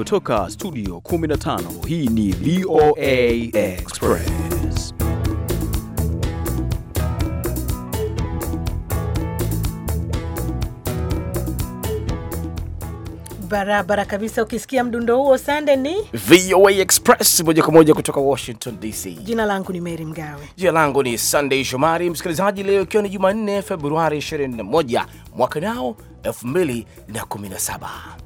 kutoka studio 15 hii ni VOA Express barabara kabisa. Ukisikia mdundo huo Sande, ni VOA Express moja kwa moja kutoka Washington DC. Jina langu ni Mary Mgawe. Jina langu ni Sunday Shomari. Msikilizaji, leo ikiwa ni Jumanne Februari 21 mwaka nao 2017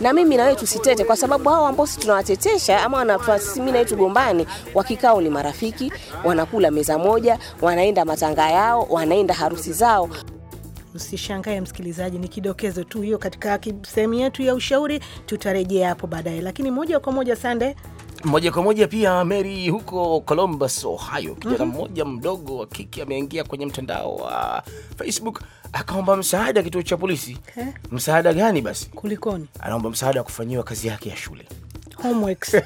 na mimi na wewe tusitete, kwa sababu hao ambao sisi tunawatetesha ama sisi mimi na wewe tugombani, wakikao ni marafiki, wanakula meza moja, wanaenda matanga yao, wanaenda harusi zao. Usishangae msikilizaji, ni kidokezo tu hiyo katika sehemu yetu ya ushauri. Tutarejea hapo baadaye, lakini moja kwa moja Sande moja kwa moja pia Mary, huko Columbus, Ohio, kijana mm -hmm. mmoja mdogo wa kike ameingia kwenye mtandao wa Facebook akaomba msaada kituo cha polisi. Okay. Eh? Msaada gani basi? Kulikoni? Anaomba msaada wa kufanyiwa kazi yake ya shule homeworks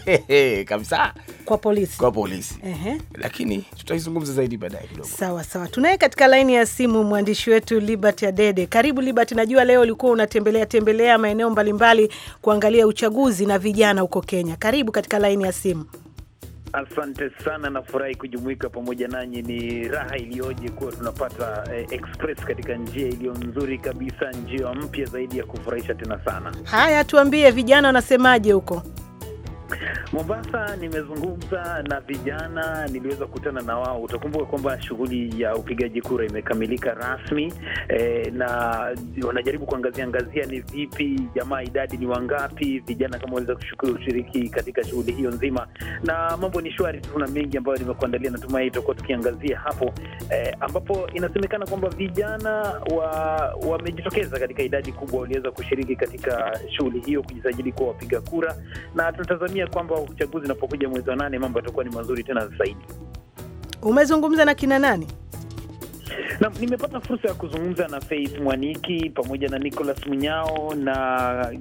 kabisa kwa polisi, kwa polisi. Ehe. Lakini tutaizungumza zaidi baadaye kidogo. Sawa sawa, tunaye katika laini ya simu mwandishi wetu Liberty Adede. Karibu Liberty, najua leo ulikuwa unatembelea tembelea maeneo mbalimbali kuangalia uchaguzi na vijana huko Kenya. Karibu katika laini ya simu. Asante sana, nafurahi kujumuika pamoja nanyi. Ni raha iliyoje kuwa tunapata eh, express katika njia iliyo nzuri kabisa, njia mpya zaidi ya kufurahisha tena sana. Haya, tuambie vijana wanasemaje huko? Mombasa nimezungumza na vijana, niliweza kukutana na wao. Utakumbuka kwamba shughuli ya upigaji kura imekamilika rasmi eh, na wanajaribu kuangazia angazia ni vipi jamaa, idadi ni wangapi, vijana kama waweza kushukuru ushiriki katika shughuli hiyo nzima, na mambo ni shwari. Tuna mengi ambayo nimekuandalia, natumai itakuwa tukiangazia hapo eh, ambapo inasemekana kwamba vijana wamejitokeza wa katika idadi kubwa, waliweza kushiriki katika shughuli hiyo, kujisajili kwa wapiga kura na tunatazamia tunatarajia kwamba uchaguzi unapokuja mwezi wa nane mambo yatakuwa ni mazuri tena zaidi. Umezungumza na kina nani? Na, nimepata fursa ya kuzungumza na Faith Mwaniki pamoja na Nicholas Munyao na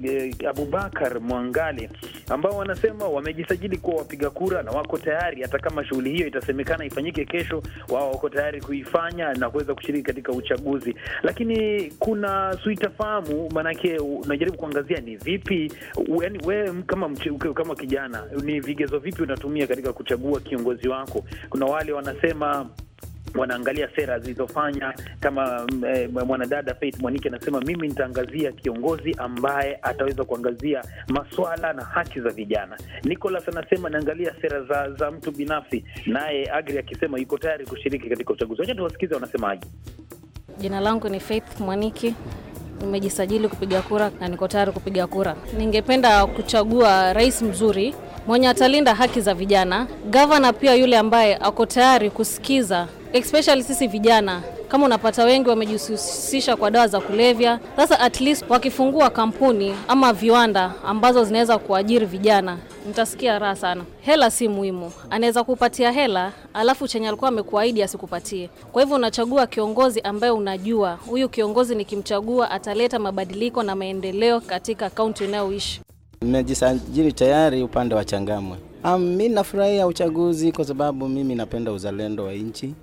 e, Abubakar Mwangale ambao wanasema wamejisajili kuwa wapiga kura na wako tayari, hata kama shughuli hiyo itasemekana ifanyike kesho, wao wako tayari kuifanya na kuweza kushiriki katika uchaguzi. Lakini kuna suitafahamu, maanake unajaribu kuangazia ni vipi, yaani wewe kama kama kijana, ni vigezo vipi unatumia katika kuchagua kiongozi wako. Kuna wale wanasema wanaangalia sera zilizofanya kama mm, eh, mwanadada Faith Mwanike anasema mimi nitaangazia kiongozi ambaye ataweza kuangazia maswala na haki za vijana. Nicholas anasema naangalia sera za, za mtu binafsi, naye Agri akisema yuko tayari kushiriki katika uchaguzi. Wacha tuwasikize wanasemaje. Jina langu ni Faith Mwaniki, nimejisajili kupiga kura na niko tayari kupiga kura. Ningependa kuchagua rais mzuri mwenye atalinda haki za vijana, gavana pia yule ambaye ako tayari kusikiza especially sisi vijana kama unapata wengi wamejihusisha kwa dawa za kulevya. Sasa at least wakifungua kampuni ama viwanda ambazo zinaweza kuajiri vijana, mtasikia raha sana. Hela si muhimu, anaweza kupatia hela alafu chenye alikuwa amekuahidi asikupatie. Kwa hivyo unachagua kiongozi ambaye unajua huyu kiongozi nikimchagua ataleta mabadiliko na maendeleo katika kaunti unayoishi. Nimejisajili tayari upande wa Changamwe. Um, mi nafurahia uchaguzi kwa sababu mimi napenda uzalendo wa nchi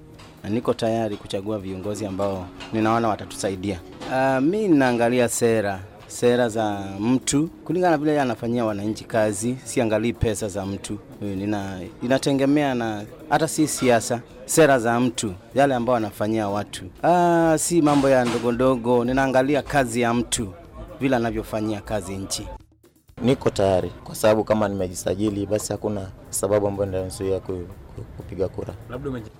na niko tayari kuchagua viongozi ambao ninaona watatusaidia. Uh, mi ninaangalia sera sera za mtu kulingana na vile anafanyia wananchi kazi, siangalii pesa za mtu. Nina, inategemea na hata si siasa, sera za mtu, yale ambao anafanyia watu. Aa, ah, si mambo ya ndogondogo, ninaangalia kazi ya mtu vile anavyofanyia kazi nchi. Niko tayari kwa sababu kama nimejisajili, basi hakuna sababu ambayo inanizuia kupiga kura.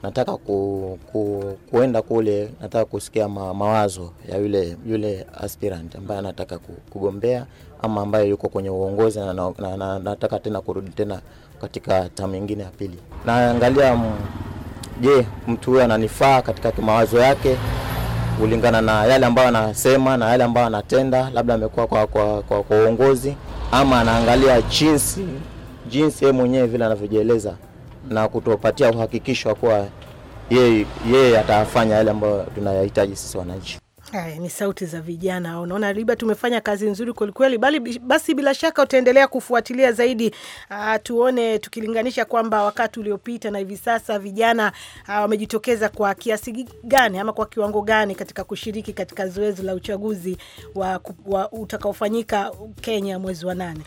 Nataka ku, ku, kuenda kule, nataka kusikia ma, mawazo ya yule, yule aspirant ambaye anataka kugombea ama ambaye yuko kwenye uongozi na, na, na, nataka tena kurudi tena katika tamu nyingine ya pili. Naangalia je, mtu huyo ananifaa katika mawazo yake kulingana na yale ambayo anasema na yale ambayo anatenda, labda amekuwa kwa, kwa, kwa, kwa uongozi ama anaangalia jinsi jinsi yeye mwenyewe vile anavyojieleza na kutopatia uhakikisho wa kuwa yeye yeye atafanya yale ambayo tunayahitaji sisi wananchi. Haya ni sauti za vijana. Unaona Liba, tumefanya kazi nzuri kwelikweli, bali basi bila shaka utaendelea kufuatilia zaidi. Uh, tuone tukilinganisha kwamba wakati uliopita na hivi sasa vijana ah, wamejitokeza kwa kiasi gani ama kwa kiwango gani katika kushiriki katika zoezi la uchaguzi wa, wa utakaofanyika Kenya mwezi wa nane.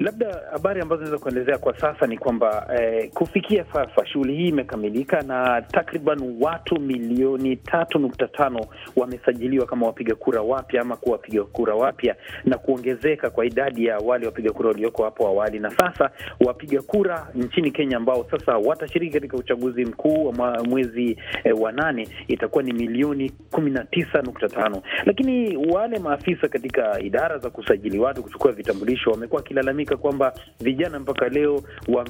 Labda habari ambazo naweza kuelezea kwa sasa ni kwamba eh, kufikia sasa shughuli hii imekamilika na takriban watu milioni tatu nukta tano wamesajiliwa kama wapiga kura wapya ama kuwa wapiga kura wapya na kuongezeka kwa idadi ya wale wapiga kura walioko hapo awali, na sasa wapiga kura nchini Kenya ambao sasa watashiriki katika uchaguzi mkuu wa mwezi eh, wa nane itakuwa ni milioni kumi na tisa nukta tano lakini wale maafisa katika idara za kusajili watu kuchukua vitambulisho wamekuwa kila wanalalamika kwamba vijana mpaka leo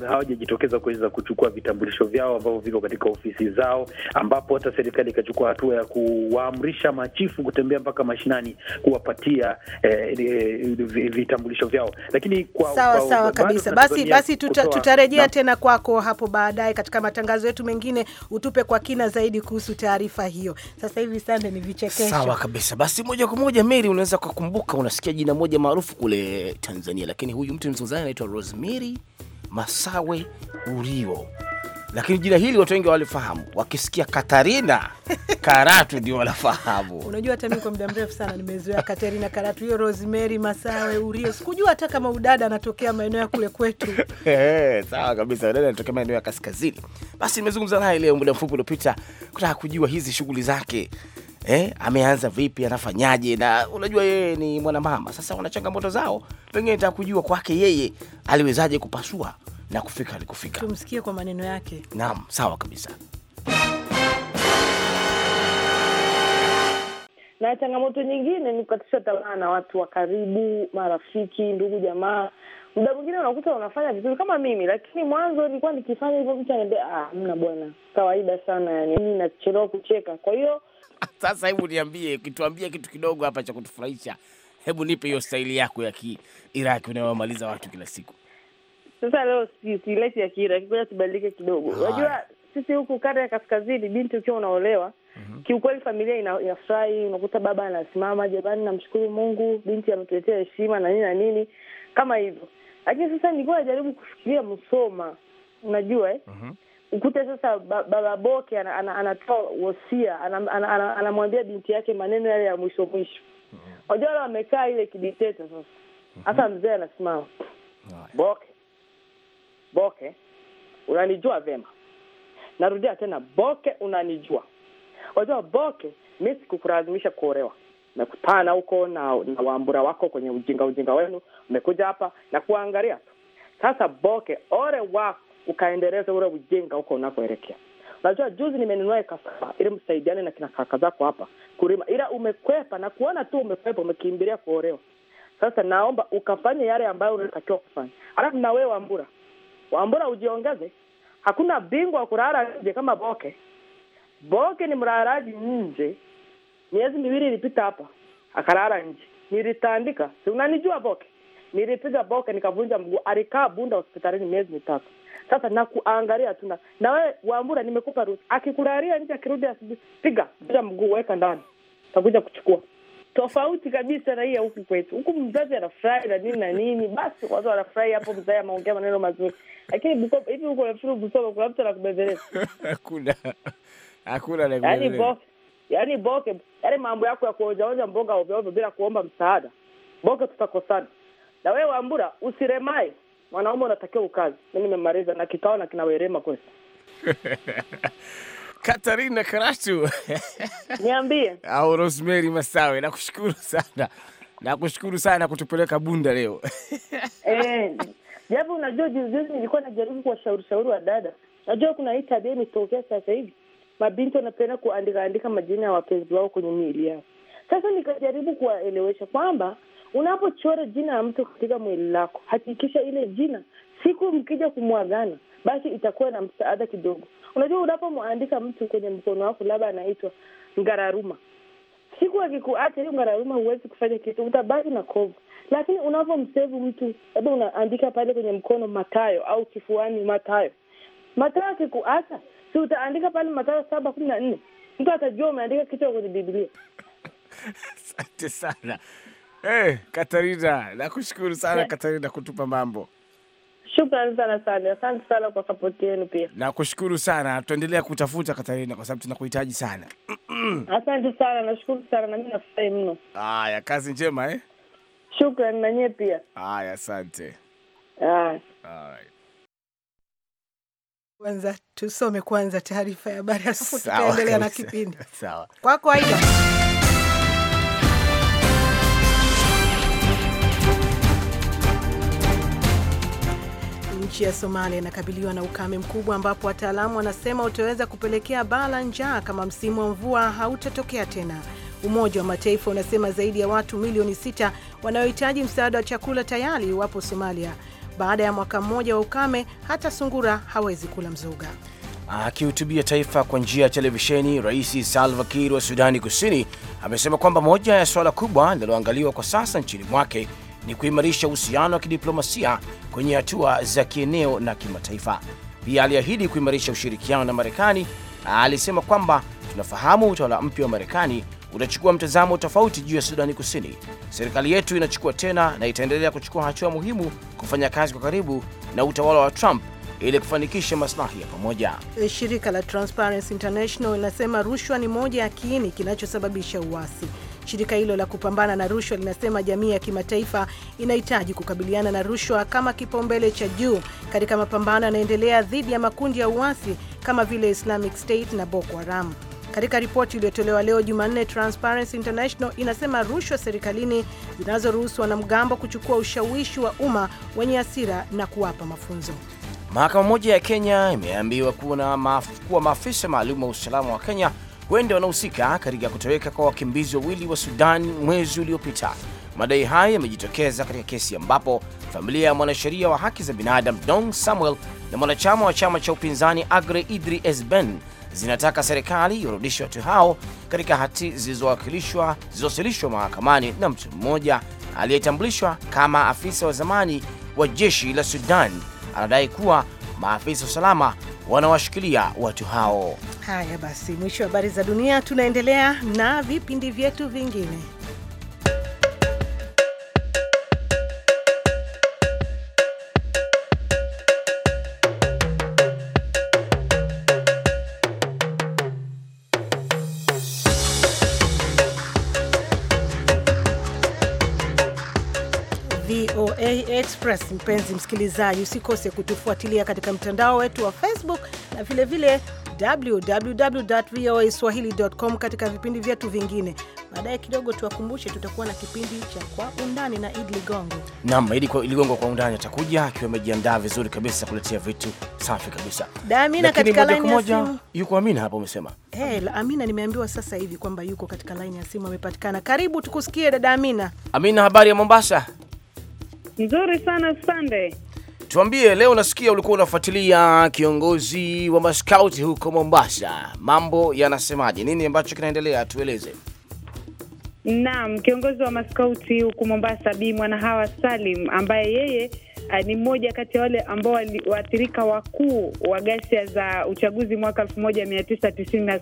hawajajitokeza kuweza kuchukua vitambulisho vyao ambavyo viko katika ofisi zao, ambapo hata serikali ikachukua hatua ya kuwaamrisha machifu kutembea mpaka mashinani kuwapatia eh, eh vitambulisho vyao. Lakini kwa sawa sawa kabisa, basi basi tuta, tutarejea na tena kwako hapo baadaye katika matangazo yetu mengine, utupe kwa kina zaidi kuhusu taarifa hiyo. Sasa hivi sande ni vichekesho. Sawa kabisa, basi moja kwa moja Mary, unaweza kukumbuka, unasikia jina moja maarufu kule Tanzania, lakini huyu huyu mtu mzungumzaji anaitwa Rosemary Masawe Urio, lakini jina hili watu wengi walifahamu, wakisikia Katarina Karatu ndio wanafahamu. Unajua, hata mimi kwa muda mrefu sana nimezoea Katarina Karatu. Hiyo Rosemary Masawe Urio sikujua hata kama udada anatokea maeneo ya kule kwetu. Sawa kabisa, udada anatokea maeneo ya kaskazini. Basi nimezungumza naye leo muda mfupi uliopita kutaka kujua hizi shughuli zake Eh, ameanza vipi, anafanyaje? Na unajua yeye ni mwanamama, sasa wana changamoto zao pengine nataka kujua kwake yeye aliwezaje kupasua na kufika alikufika. Tumsikie kwa maneno yake. Naam, sawa kabisa. na changamoto nyingine ni kukatisha tamaa na watu wa karibu, marafiki, ndugu, jamaa. Muda mwingine unakuta unafanya vizuri kama mimi, lakini mwanzo nilikuwa nikifanya hivyo vitu niambia, ah, mna bwana, kawaida sana yani, mimi nachelewa kucheka. Kwa hiyo sasa, hebu niambie, kituambie kitu kidogo hapa cha kutufurahisha Hebu nipe hiyo staili yako ya Kiiraki unayowamaliza watu kila siku. Sasa leo siileti ya Kiiraki, kuja tubadilike kidogo. Unajua sisi huku kanda ya kaskazini, binti ukiwa unaolewa mm -hmm. Kiukweli familia inafurahi, unakuta baba anasimama, jamani, namshukuru Mungu, binti ametuletea heshima na nini na nini kama hivyo. Lakini sasa nilikuwa najaribu kufikiria Msoma, unajua eh? mm -hmm. Ukute sasa baba Boke anatoa wosia, anamwambia binti yake maneno yale ya mwisho mwisho Ojala wamekaa ile kiditeta sasa. Mhm. Hata mzee anasimama. Boke. Boke. Unanijua vema. Narudia tena Boke unanijua. Wajua Boke mimi sikukulazimisha kuolewa. Nimekutana huko na, na wambura wako kwenye ujinga ujinga wenu, umekuja hapa na kuangalia tu. Sasa Boke, ore wako ukaendeleza ule ujinga huko unakoelekea. Najua juzi nimenunua kasaba ili msaidiane na kina kaka zako hapa kulima, ila umekwepa na kuona tu umekwepa, umekimbilia kuolewa. Sasa naomba ukafanye yale ambayo unatakiwa kufanya. Alafu na wewe Wambura, Wambura ujiongeze. Hakuna bingwa wa kulala nje kama Boke. Boke ni mlalaji nje. Miezi miwili ilipita hapa akalala nje, nilitandika. Si unanijua Boke? Nilipiga Boke nikavunja mguu, alikaa Bunda hospitalini miezi mitatu. Sasa nakuangalia tu na wewe Wambura, nimekupa ruhusa. Akikulalia nje, akirudi asubuhi, piga bila mguu, weka ndani, takuja kuchukua. Tofauti kabisa na hii ya huku kwetu. Huku mzazi anafurahi na nini na nini, basi watu wanafurahi hapo, mzazi ameongea maneno mazuri, lakini hivi huko, nafikiri Bukoba kuna mtu anakubembeleza? Hakuna, hakuna yaani, yaani Boke, yaani mambo yako ya kuonjaonja mboga ovyoovyo bila kuomba msaada, Boke tutakosana na wewe Wambura, usiremae mwanaume unatakiwa ukazi. Mi nimemaliza na kikao na kina Werema Katarina Karatu niambie, au Rosemary Masawe, nakushukuru sana, nakushukuru sana kutupeleka Bunda leo eh, japo unajua, juzijuzi nilikuwa najaribu kuwashauri shauri wa dada. Najua kuna hii tabia imetokea sasa hivi, mabinti wanapenda kuandikaandika majina ya wapenzi wao kwenye miili yao. Sasa nikajaribu kuwaelewesha kwamba Unapochora jina la mtu katika mwili lako, hakikisha ile jina siku mkija kumwagana, basi itakuwa na msaada kidogo. Unajua, unapomwandika mtu kwenye mkono wako, labda anaitwa Ngararuma, siku akikuacha hiyo Ngararuma, huwezi kufanya kitu, utabaki na kovu. Lakini unapomsevu mtu, labda unaandika pale kwenye mkono Matayo au kifuani Matayo, Matayo akikuacha, si utaandika pale Matayo saba kumi na nne mtu atajua umeandika kitu kwenye Biblia. Asante sana. Hey, eh, Katarina, nakushukuru sana eh. Katarina kutupa mambo. Shukrani sana sana, asante sana kwa sapoti yenu pia. Nakushukuru sana, tuendelea kutafuta Katarina kwa sababu tunakuhitaji sana. Asante sana, nashukuru sana na mimi nafurahi mno. Haya, kazi njema eh? Shukrani na nyie pia. Haya, asante. Kwanza tusome kwanza taarifa ya habari, alafu tutaendelea na kipindi. Sawa. Kwako aidha. Nchi ya Somalia inakabiliwa na ukame mkubwa ambapo wataalamu wanasema utaweza kupelekea baa la njaa kama msimu wa mvua hautatokea tena. Umoja wa Mataifa unasema zaidi ya watu milioni sita wanaohitaji msaada wa chakula tayari wapo Somalia. Baada ya mwaka mmoja wa ukame, hata sungura hawezi kula mzoga. Akihutubia taifa kwa njia ya televisheni, Rais Salva Kiir wa Sudani Kusini amesema kwamba moja ya suala kubwa linaloangaliwa kwa sasa nchini mwake ni kuimarisha uhusiano wa kidiplomasia kwenye hatua za kieneo na kimataifa. Pia aliahidi kuimarisha ushirikiano na Marekani. Alisema kwamba tunafahamu utawala mpya wa Marekani utachukua mtazamo tofauti juu ya Sudani Kusini. Serikali yetu inachukua tena na itaendelea kuchukua hatua muhimu kufanya kazi kwa karibu na utawala wa Trump ili kufanikisha maslahi ya pamoja. E, shirika la Transparency International linasema rushwa ni moja ya kiini kinachosababisha uasi. Shirika hilo la kupambana na rushwa linasema jamii ya kimataifa inahitaji kukabiliana na rushwa kama kipaumbele cha juu katika mapambano yanaendelea dhidi ya makundi ya uasi kama vile Islamic State na Boko Haram. Katika ripoti iliyotolewa leo Jumanne, Transparency International inasema rushwa serikalini zinazoruhusu wanamgambo kuchukua ushawishi wa umma wenye hasira na kuwapa mafunzo. Mahakama moja ya Kenya imeambiwa kuwa maafisa maalum wa usalama wa Kenya huenda wanahusika katika kutoweka kwa wakimbizi wawili wa Sudan mwezi uliopita. Madai haya yamejitokeza katika kesi ambapo familia ya mwanasheria wa haki za binadamu Dong Samuel na mwanachama wa chama cha upinzani Agre Idri Esben zinataka serikali iwarudishe watu hao katika hati zilizowakilishwa zilizowasilishwa mahakamani na mtu mmoja aliyetambulishwa kama afisa wa zamani wa jeshi la Sudan anadai kuwa maafisa wa usalama wanawashikilia watu hao. Haya basi, mwisho wa habari za dunia. Tunaendelea na vipindi vyetu vingine. Express. Mpenzi msikilizaji, usikose kutufuatilia katika mtandao wetu wa Facebook na vilevile www.voaswahili.com katika vipindi vyetu vingine. Baadaye kidogo tuwakumbushe, tutakuwa na kipindi cha Kwa Undani na Idi Ligongo. Naam, Idi Ligongo Kwa Undani atakuja akiwa amejiandaa vizuri kabisa kuletea vitu safi kabisa. Da Amina katika laini ya simu. Yuko Amina hapo umesema? Hey, eh, Amina nimeambiwa sasa hivi kwamba yuko katika laini ya simu amepatikana. Karibu tukusikie dada Amina. Amina, habari ya Mombasa? Nzuri sana Sunday. Tuambie leo, nasikia ulikuwa unafuatilia kiongozi wa maskauti huko Mombasa, mambo yanasemaje? Nini ambacho kinaendelea? Tueleze. Naam, kiongozi wa maskauti huko Mombasa Bi Mwanahawa Salim ambaye yeye Ah, ni mmoja kati ya wale ambao waathirika wakuu wa ghasia za uchaguzi mwaka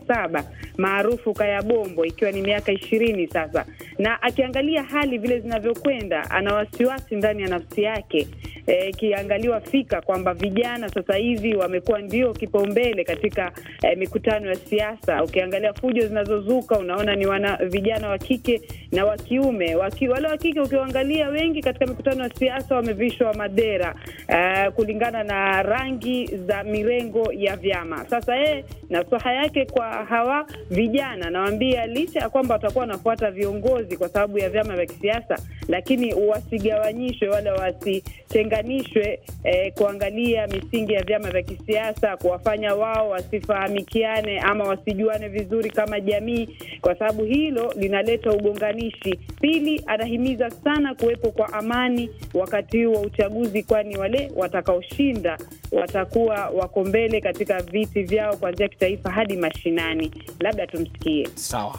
saba maarufu Kayabombo, ikiwa ni miaka ishirini sasa, na akiangalia hali vile zinavyokwenda, ana wasiwasi ndani ya nafsi yake e, ikiangaliwa e, fika kwamba vijana sasa hivi wamekuwa ndio kipaumbele katika e, mikutano ya siasa. Ukiangalia fujo zinazozuka unaona ni wana, vijana wa kike na wa kiume. Wale wa kike ukiwaangalia wengi katika mikutano ya siasa wamevishwa bendera uh, kulingana na rangi za mirengo ya vyama. Sasa yeye nasaha yake kwa hawa vijana, nawaambia licha ya kwamba watakuwa wanafuata viongozi kwa sababu ya vyama vya kisiasa, lakini wasigawanyishwe wala wasitenganishwe eh, kuangalia misingi ya vyama vya kisiasa, kuwafanya wao wasifahamikiane ama wasijuane vizuri kama jamii, kwa sababu hilo linaleta ugonganishi. Pili, anahimiza sana kuwepo kwa amani wakati huu wa uchaguzi uchaguzi, kwani wale watakaoshinda watakuwa wako mbele katika viti vyao kuanzia kitaifa hadi mashinani. Labda tumsikie. Sawa.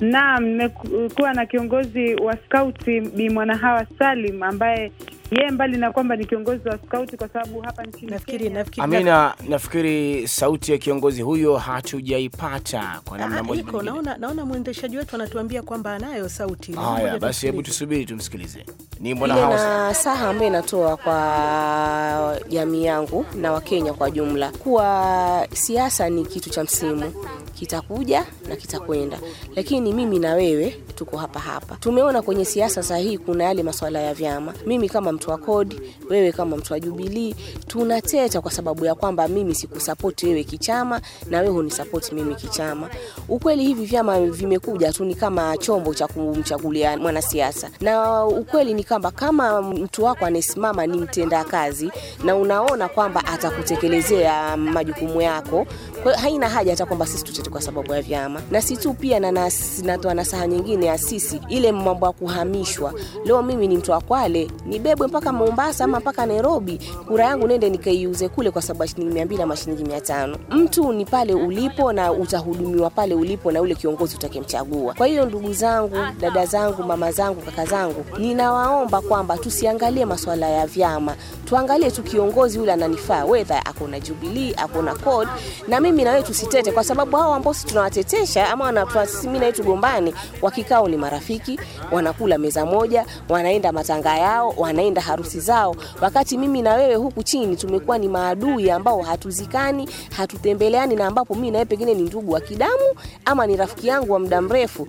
Naam, nimekuwa na kiongozi wa skauti Bi Mwanahawa Salim ambaye yeye mbali na kwamba ni kiongozi wa skauti, kwa sababu hapa nchini nafikiri, nafikiri, Amina, nafikiri sauti ya kiongozi huyo hatujaipata kwa namna ah, moja. Naona, naona mwendeshaji wetu anatuambia kwamba anayo sauti. Haya basi, hebu tusubiri tumsikilize. Ni mbona hawa saha ambayo inatoa kwa jamii yangu na Wakenya kwa jumla kuwa siasa ni kitu cha msimu kitakuja na kitakwenda, lakini mimi na wewe tuko hapa hapa. Tumeona kwenye siasa sahihi kuna yale masuala ya vyama. Mimi kama mtu wa kodi, wewe kama mtu wa Jubilee, tunateta kwa sababu ya kwamba mimi sikusapoti wewe kichama na wewe hunisapoti mimi kichama. Ukweli hivi vyama vimekuja tu ni kama chombo cha kumchagulia mwanasiasa, na ukweli ni kwamba kama mtu wako anasimama ni mtenda kazi na unaona kwamba atakutekelezea majukumu yako, kwa haina haja hata kwamba sisi tutete kwa sababu ya vyama. Na si tu pia na natoa nasaha nyingine ya sisi ile mambo ya kuhamishwa. Leo mimi ni mtu wa Kwale, nibebwe mpaka Mombasa ama mpaka Nairobi, kura yangu nende nikaiuze kule, kwa sababu shilingi mia mbili ama shilingi mia tano. Mtu ni pale ulipo na utahudumiwa pale ulipo na ule kiongozi utakemchagua. Kwa hiyo ndugu zangu, dada zangu, mama zangu, kaka zangu, ninawaomba kwamba tusiangalie masuala ya vyama, tuangalie tu kiongozi yule ananifaa, wedha ako na Jubilee ako na CORD, na mimi nawe tusitete, kwa sababu hao ambao sisi tunawatetesha ama wanatuasimi nawe tugombani, wakikao ni marafiki, wanakula meza moja, wanaenda matanga yao, wanaenda harusi zao, wakati mimi na wewe huku chini tumekuwa ni maadui ambao hatuzikani, hatutembeleani na ambapo mimi na wewe pengine ni ndugu wa kidamu ama ni rafiki yangu wa muda mrefu.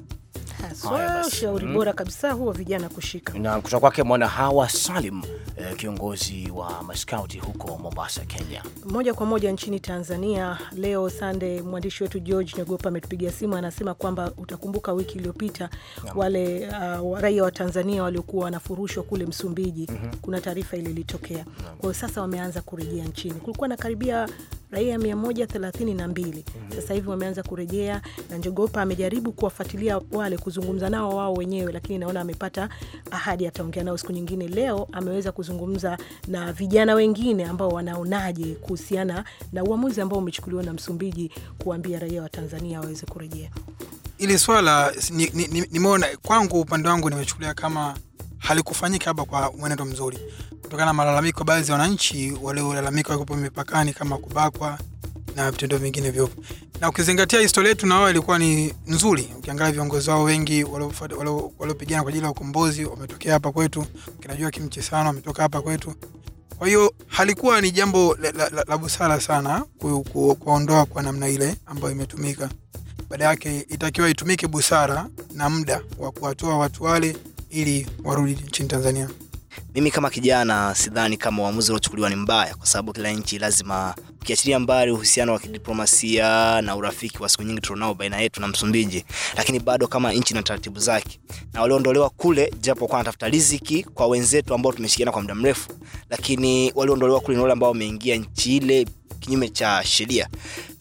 Ushauri mm. bora mm, kabisa huo vijana kushika. Na kutoka kwake mwana Hawa Salim, eh, kiongozi wa maskauti huko Mombasa, Kenya. Moja kwa moja nchini Tanzania leo Sande, mwandishi wetu George Nyagopa ametupigia simu, anasema kwamba utakumbuka wiki iliyopita wale uh, raia wa Tanzania waliokuwa wanafurushwa kule Msumbiji mm -hmm. kuna taarifa ile ilitokea, kwa hiyo sasa wameanza kurejea nchini. Kulikuwa na karibia raia 132 mhm. sasa hivi wameanza kurejea, na Njogopa amejaribu kuwafuatilia wale kuzungu kuzungumza nao wao wenyewe, lakini naona amepata ahadi, ataongea nao siku nyingine. Leo ameweza kuzungumza na vijana wengine ambao wanaonaje kuhusiana na uamuzi ambao umechukuliwa na Msumbiji kuambia raia wa Tanzania waweze kurejea. Ili swala nimeona ni, ni kwangu upande wangu nimechukulia kama halikufanyika hapa kwa mwenendo mzuri, kutokana na malalamiko baadhi ya wananchi waliolalamika wakiwepo mipakani kama kubakwa na vitendo vingine vyopo. Na ukizingatia historia yetu na wao ilikuwa ni nzuri, ukiangalia viongozi wao wengi waliopigana kwa ajili ya ukombozi wametokea hapa kwetu, kinajua sana wametoka hapa kwetu. Kwa hiyo halikuwa ni jambo la, la, la, la busara sana kuondoa kwa namna ile ambayo imetumika. Baada yake itakiwa itumike busara na muda wa kuwatoa watu wale ili warudi nchini Tanzania. Mimi kama kijana sidhani kama uamuzi uliochukuliwa ni mbaya, kwa sababu kila nchi lazima, ukiachilia mbali uhusiano wa kidiplomasia na urafiki wa siku nyingi tulionao baina yetu na Msumbiji, lakini bado kama nchi na taratibu zake, na waliondolewa kule, japo kwa anatafuta riziki kwa wenzetu ambao tumeshikiana kwa muda mrefu, lakini waliondolewa kule ni wale ambao wameingia nchi ile kinyume cha sheria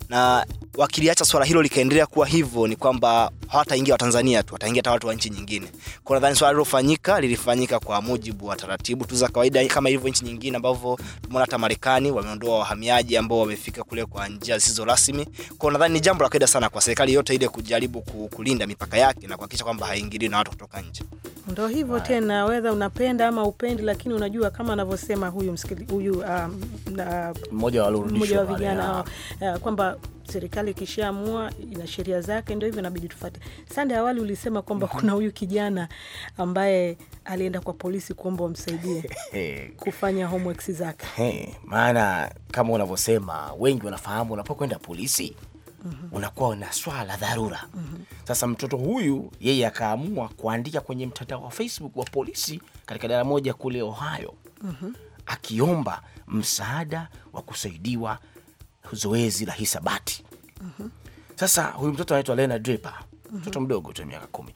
na wakiliacha swala hilo likaendelea kuwa hivyo, ni kwamba hawataingia Watanzania tu, wataingia hata watu wa nchi nyingine. Kwa nadhani swala lilofanyika lilifanyika kwa mujibu wa taratibu tu za kawaida kama ilivyo nchi nyingine, ambavyo tumeona hata Marekani wameondoa wahamiaji ambao wamefika kule kwa njia zisizo rasmi. Kwa nadhani ni jambo la kawaida sana kwa serikali yote ile kujaribu kulinda mipaka yake na kuhakikisha kwamba haingiliwi na watu kutoka nje. ndo hivyo tena, wedha unapenda ama upendi, lakini unajua kama anavyosema huyu huyu um, mmoja um, wa vijana kwamba serikali ikishaamua ina sheria zake, ndo hivyo inabidi tufate Sande, awali ulisema kwamba mhm. kuna huyu kijana ambaye alienda kwa polisi kuomba wamsaidie kufanya homework zake. Maana kama unavyosema, wengi wanafahamu unapokwenda polisi Mm -hmm. Unakuwa na swala la dharura. mm -hmm. Sasa mtoto huyu yeye akaamua kuandika kwenye mtandao wa Facebook wa polisi katika idara moja kule Ohio. mm -hmm. Akiomba msaada wa kusaidiwa zoezi la hisabati. mm -hmm. Sasa huyu mtoto anaitwa Lena Draper mtoto mm -hmm. mdogo tu miaka kumi.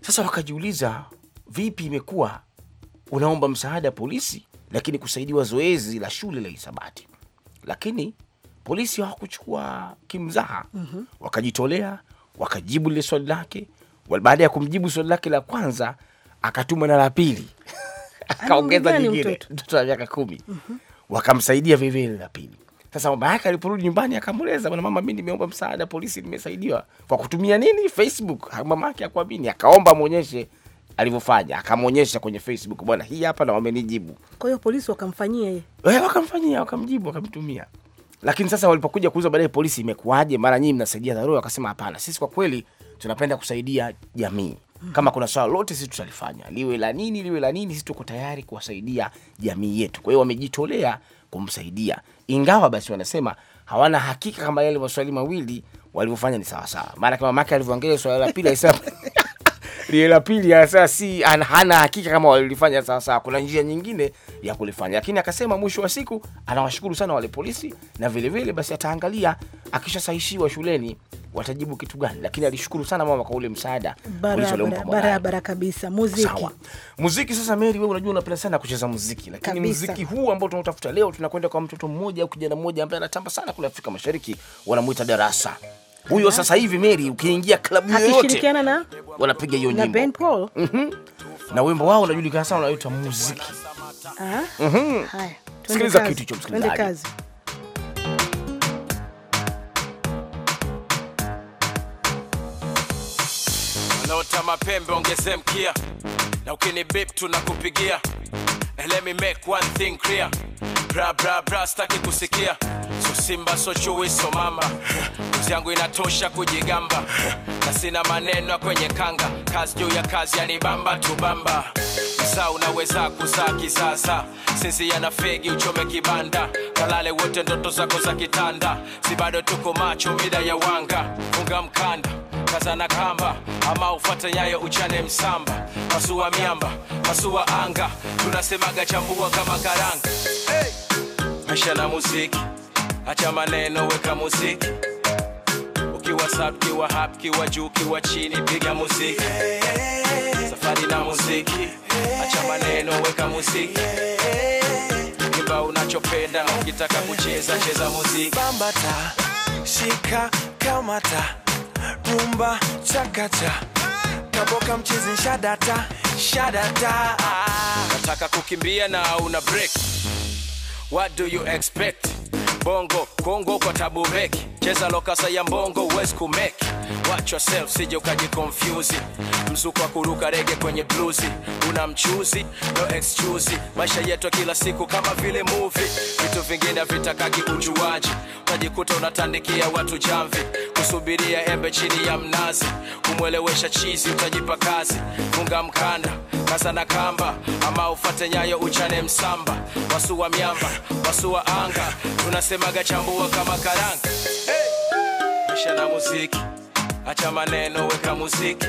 Sasa wakajiuliza vipi imekuwa unaomba msaada polisi, lakini kusaidiwa zoezi la shule la hisabati, lakini polisi hawakuchukua kimzaha mm -hmm. wakajitolea, wakajibu lile swali lake. Baada ya kumjibu swali lake la kwanza, akatuma na la pili akaongeza nyingine, mtoto wa miaka kumi mm -hmm. wakamsaidia vilevile la pili sasa baba yake aliporudi nyumbani akamweleza bwana, mama, mi nimeomba msaada polisi, nimesaidiwa kwa kutumia nini, Facebook. Mama yake akuamini, akaomba muonyeshe alivyofanya akamwonyesha kwenye Facebook, bwana, hii hapa na wamenijibu. Kwa hiyo polisi wakamfanyia yeye, eh, wakamfanyia, wakamjibu, wakamtumia. Lakini sasa walipokuja kuuza baadaye polisi, imekuaje mara nyingi mnasaidia dharura? Wakasema hapana, sisi kwa kweli tunapenda kusaidia jamii. Mm. Kama kuna swala lote sisi tutalifanya, liwe la nini, liwe la nini, sisi tuko tayari kuwasaidia jamii yetu. Kwa hiyo wamejitolea kumsaidia ingawa basi wanasema hawana hakika kama yale maswali mawili walivyofanya ni sawasawa, maana kama Maka alivyoangalia swali la pili alisema lile la pili anasema si an, hana hakika kama walilifanya sawasawa, kuna njia nyingine ya kulifanya, lakini akasema mwisho wa siku anawashukuru sana wale polisi na vilevile vile, basi ataangalia akishasahishiwa shuleni watajibu kitu gani, lakini alishukuru sana mama kwa ule msaada barabara bara, kabisa. Muziki sawa, muziki sasa. Mary, wewe unajua unapenda sana kucheza muziki, lakini kabisa, muziki huu ambao tunautafuta leo tunakwenda kwa mtoto mmoja au kijana mmoja ambaye anatamba sana kule Afrika Mashariki, wanamuita Darasa huyo sasa hivi Mary, ukiingia klabu yoyote wanapiga hiyo nyimbo na Ben Paul mm -hmm. na wimbo wao unajulikana sana, unaitwa muziki. mm -hmm. sikiliza kitu hicho msikilizaji. Naota mapembe ongeze mkia na ukini beep tunakupigia. Let me make one thing clear bra bra bra, staki kusikia, so simba so chui so mama, kuzi yangu inatosha kujigamba, na sina maneno kwenye kanga, kazi juu ya kazi yanibamba tubamba saa unaweza kuzaa kisasa sinzia na fegi uchome kibanda kalale wote ndoto zako za kitanda si bado tuko macho mida ya wanga funga mkanda kazana kamba ama ufuate nyayo uchane msamba masuwa miamba masuwa anga tunasemaga chambua kama karanga kisha na muziki, hacha maneno, weka muziki. Ukiwa sub, kiwa hap, kiwa juu, kiwa chini, piga muziki. Safari na muziki, hacha maneno, weka muziki. kiba unachopenda, ukitaka kucheza cheza muziki. Bambata, shika, kamata, rumba, chakacha, kaboka, mchizi, shadata, shadata. Nataka kukimbia na una break what do you expect bongo kongo kwa meki cheza lokasa ya mbongo huwezi kumeki watch yourself sije ukajikonfyuzi mzuko wa kuruka rege kwenye bluzi una mchuzi no excuse maisha yetu kila siku kama vile muvi vitu vingine vitakaki ujuaji utajikuta unatandikia watu jamvi kusubiria embe chini ya mnazi, kumwelewesha chizi, utajipa kazi, funga mkanda kasa na kamba, ama ufate nyayo, uchane msamba, wasua miamba, wasua anga, tunasemaga chambua kama karanga. Hey! maisha na muziki, acha maneno, weka muziki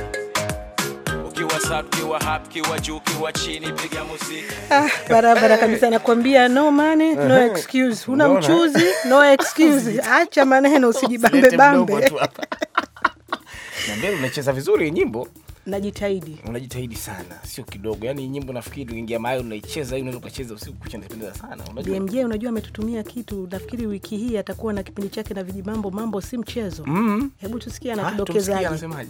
Ah, barabara kabisa, nakwambia no money no excuse, huna mchuzi no excuse. Acha maneno, usijibambe bambe. Niambie, unacheza vizuri nyimbo Najitahidi, unajitahidi sana, sio kidogo. Yani nyimbo nafikiri ingia mayo unaicheza hiyo, unaweza kucheza usiku kucha, ndependeza sana. Unajua BMJ, unajua ametutumia kitu, nafikiri wiki hii atakuwa na kipindi chake na vijimambo, mambo si mchezo. mm Hebu tusikie ah, anakidokezaje, anasemaje?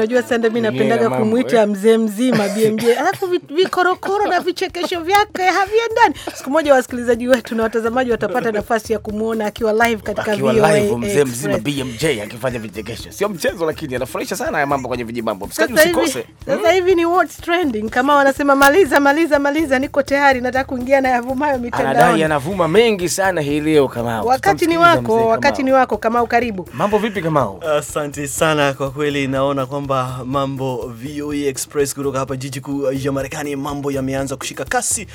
unajua sande mi napendaga kumwita eh? mzee mzima BMJ, alafu vikorokoro na vichekesho vyake haviendani. Siku moja wasikilizaji wetu na watazamaji watapata nafasi ya kumwona akiwa live katika mzee mzima BMJ akifanya vichekesho, sio mchezo, lakini anafurahisha sana haya mambo kwenye vijimambo. sasa hmm? hivi ni what's trending, kama wanasema maliza maliza maliza, niko tayari, nataka kuingia na yavumayo mitandaoni. anavuma mengi sana hii leo, kama wakati ni wako, wakati ni wako. Kamau, karibu. Mambo vipi Kamau? Asante sana kwa kweli, naona kwamba kwamba mambo VOA e Express kutoka hapa jiji kuu ya Marekani, mambo yameanza kushika kasi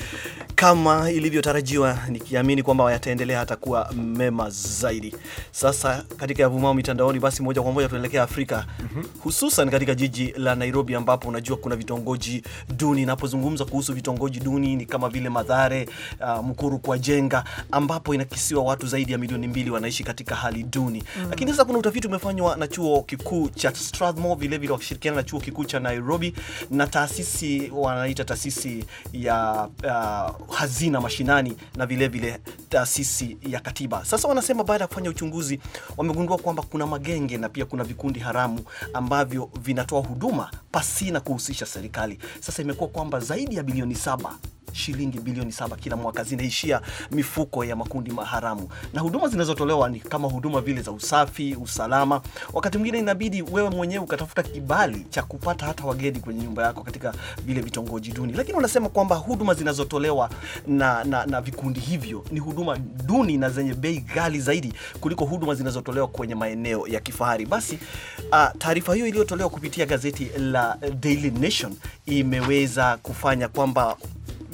kama ilivyotarajiwa, nikiamini kwamba yataendelea hata kuwa mema zaidi. Sasa katika yavumao mitandaoni, basi moja kwa moja tunaelekea Afrika mm -hmm. hususan katika jiji la Nairobi, ambapo unajua kuna vitongoji duni. Napozungumza kuhusu vitongoji duni ni kama vile Madhare, uh, ah, Mkuru kwa Jenga, ambapo inakisiwa watu zaidi ya milioni mbili wanaishi katika hali duni mm -hmm. Lakini sasa kuna utafiti umefanywa na chuo kikuu cha Strathmore vile vilevile wakishirikiana na chuo kikuu cha Nairobi na taasisi wanaita taasisi ya uh, hazina mashinani na vilevile vile taasisi ya katiba. Sasa wanasema baada ya kufanya uchunguzi wamegundua kwamba kuna magenge na pia kuna vikundi haramu ambavyo vinatoa huduma pasina kuhusisha serikali. Sasa imekuwa kwamba zaidi ya bilioni saba shilingi bilioni saba kila mwaka zinaishia mifuko ya makundi maharamu, na huduma zinazotolewa ni kama huduma vile za usafi, usalama. Wakati mwingine inabidi wewe mwenyewe ukatafuta kibali cha kupata hata wageni kwenye nyumba yako katika vile vitongoji duni, lakini unasema kwamba huduma zinazotolewa na, na, na vikundi hivyo ni huduma duni na zenye bei ghali zaidi kuliko huduma zinazotolewa kwenye maeneo ya kifahari. Basi uh, taarifa hiyo iliyotolewa kupitia gazeti la Daily Nation imeweza kufanya kwamba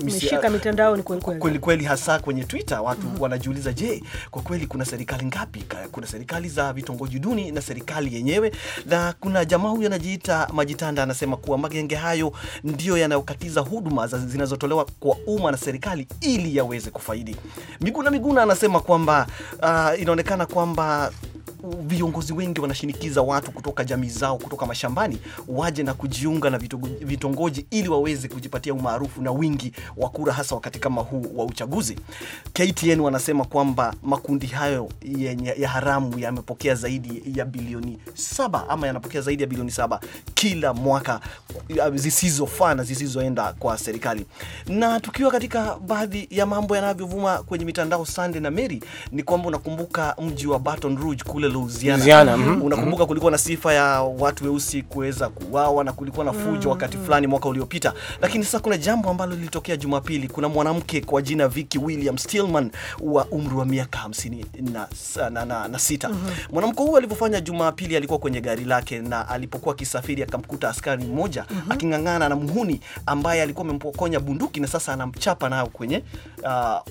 mitandao ni kweli kweli kweli, hasa kwenye Twitter watu mm -hmm. wanajiuliza, je, kwa kweli kuna serikali ngapi? Kuna serikali za vitongoji duni na serikali yenyewe. Na kuna jamaa huyu anajiita Majitanda anasema kuwa magenge hayo ndiyo yanayokatiza huduma zinazotolewa kwa umma na serikali ili yaweze kufaidi. Miguna Miguna anasema kwamba uh, inaonekana kwamba viongozi wengi wanashinikiza watu kutoka jamii zao kutoka mashambani waje na kujiunga na vitongoji ili waweze kujipatia umaarufu na wingi wa kura, hasa wakati kama huu wa uchaguzi. KTN wanasema kwamba makundi hayo ya, haramu yamepokea zaidi ya bilioni saba ama yanapokea zaidi ya bilioni saba kila mwaka zisizofaa na zisizoenda kwa serikali. Na tukiwa katika baadhi ya mambo yanavyovuma kwenye mitandao, Sande na Meri, ni kwamba unakumbuka mji wa Baton Rouge kule Louisiana, Louisiana. Mm -hmm. Unakumbuka kulikuwa na sifa ya watu weusi kuweza kuuawa na kulikuwa na fujo mm. wakati fulani mwaka uliopita, lakini sasa kuna jambo ambalo lilitokea Jumapili. Kuna mwanamke kwa jina Vicky William Stillman wa umri wa miaka hamsini na, na, na, na sita. mm -hmm. Mwanamke huyu alivyofanya Jumapili alikuwa kwenye gari lake na alipokuwa akisafiri akamkuta askari mmoja mm -hmm. aking'ang'ana na muhuni ambaye alikuwa amempokonya bunduki na sasa anamchapa nayo kwenye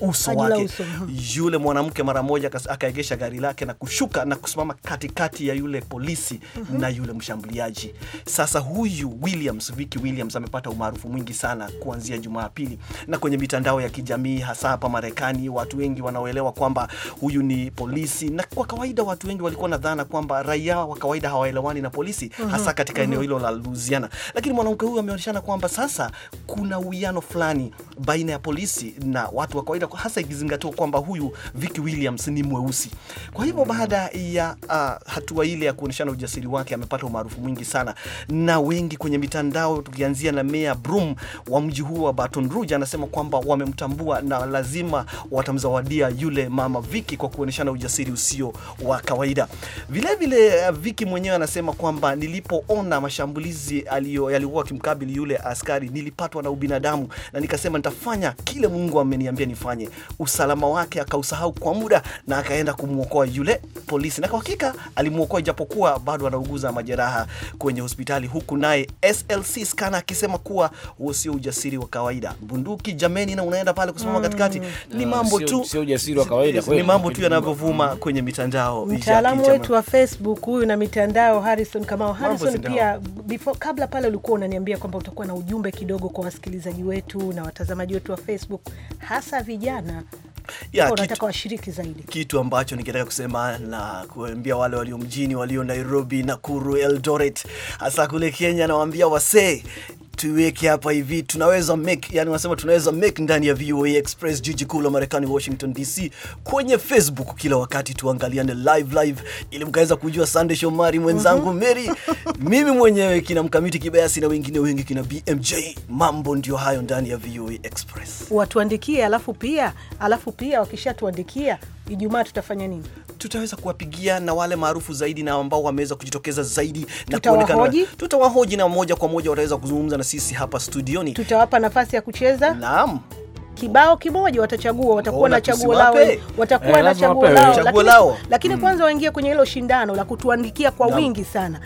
uh, uso wake mm-hmm. Yule mwanamke mara moja akaegesha gari lake na kushuka na kusimama katikati ya yule polisi mm -hmm. na yule mshambuliaji. Sasa huyu Williams, Vicky Williams amepata umaarufu mwingi sana kuanzia Jumapili na kwenye mitandao ya kijamii, hasa hapa Marekani. Watu wengi wanaoelewa kwamba huyu ni polisi, na kwa kawaida watu wengi walikuwa na dhana kwamba raia wa kawaida hawaelewani na polisi mm -hmm. hasa katika eneo mhm. hilo la Louisiana, lakini mwanamke huyu ameonyeshana kwamba sasa kuna uwiano fulani baina ya polisi na watu wa kawaida, hasa ikizingatiwa kwamba huyu Vicky Williams ni mweusi. Kwa hivyo mhm. baada ya kupitia uh, ah, hatua ile ya kuonyeshana ujasiri wake amepata umaarufu mwingi sana na wengi kwenye mitandao, tukianzia na Mea Broom wa mji huu wa Baton Rouge, anasema kwamba wamemtambua na lazima watamzawadia yule mama Viki kwa kuonyeshana ujasiri usio wa kawaida. Vilevile Viki eh, mwenyewe anasema kwamba nilipoona mashambulizi yaliyokuwa kimkabili yule askari nilipatwa na ubinadamu na nikasema nitafanya kile Mungu ameniambia nifanye. Usalama wake akausahau kwa muda na akaenda kumwokoa yule polisi na kwa hakika alimwokoa, ijapokuwa bado anauguza majeraha kwenye hospitali, huku naye SLC Skana akisema kuwa huo sio ujasiri wa kawaida. Bunduki jameni, na unaenda pale kusimama mm, katikati ni ah, mambo tu, sio ujasiri wa kawaida, ni mambo tu yanavyovuma kwenye mitandao. Mtaalamu wetu wa Facebook huyu na mitandao Harrison Kamau. Harrison, pia before, kabla pale ulikuwa unaniambia kwamba utakuwa na ujumbe kidogo kwa wasikilizaji wetu na watazamaji wetu wa Facebook hasa vijana ya, kitu, washiriki zaidi. Kitu ambacho ningetaka kusema na kuambia wale walio mjini walio Nairobi, Nakuru, Eldoret, hasa kule Kenya, nawaambia wasee, tuiweke hapa hivi, tunaweza make, yani wanasema tunaweza make ndani ya VOA Express, jiji kuu la Marekani Washington DC, kwenye Facebook kila wakati tuangaliane live live, ili mkaweza kujua Sunday Shomari mwenzangu mm -hmm. Mary mimi mwenyewe kina mkamiti kibayasi na wengine wengi kina BMJ. Mambo ndio hayo ndani ya VOA Express, watuandikie alafu pia alafu pia wakishatuandikia Ijumaa tutafanya nini? tutaweza kuwapigia na wale maarufu zaidi na ambao wameweza kujitokeza zaidi na kuonekana, tutawahoji na moja kwa moja wataweza kuzungumza na sisi hapa studioni, tutawapa nafasi ya kucheza. Naam, kibao kimoja watachagua, watakuwa na chaguo lao, watakuwa eh, na chaguo lao, lakini mm. kwanza waingie kwenye hilo shindano la kutuandikia kwa wingi sana.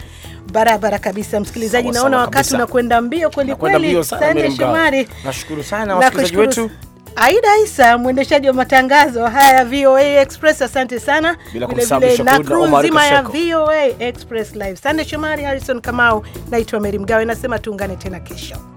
Barabara kabisa, msikilizaji, naona wakati unakwenda mbio kweli kweli. Sande Shomari, nashukuru sana wasikilizaji wetu. Aida Isa, mwendeshaji wa matangazo haya ya VOA Express, asante sana, vilevile na crew nzima ya VOA Express Live, Sande Shomari, Harrison Kamau, naitwa Meri Mgawe, nasema tuungane tena kesho.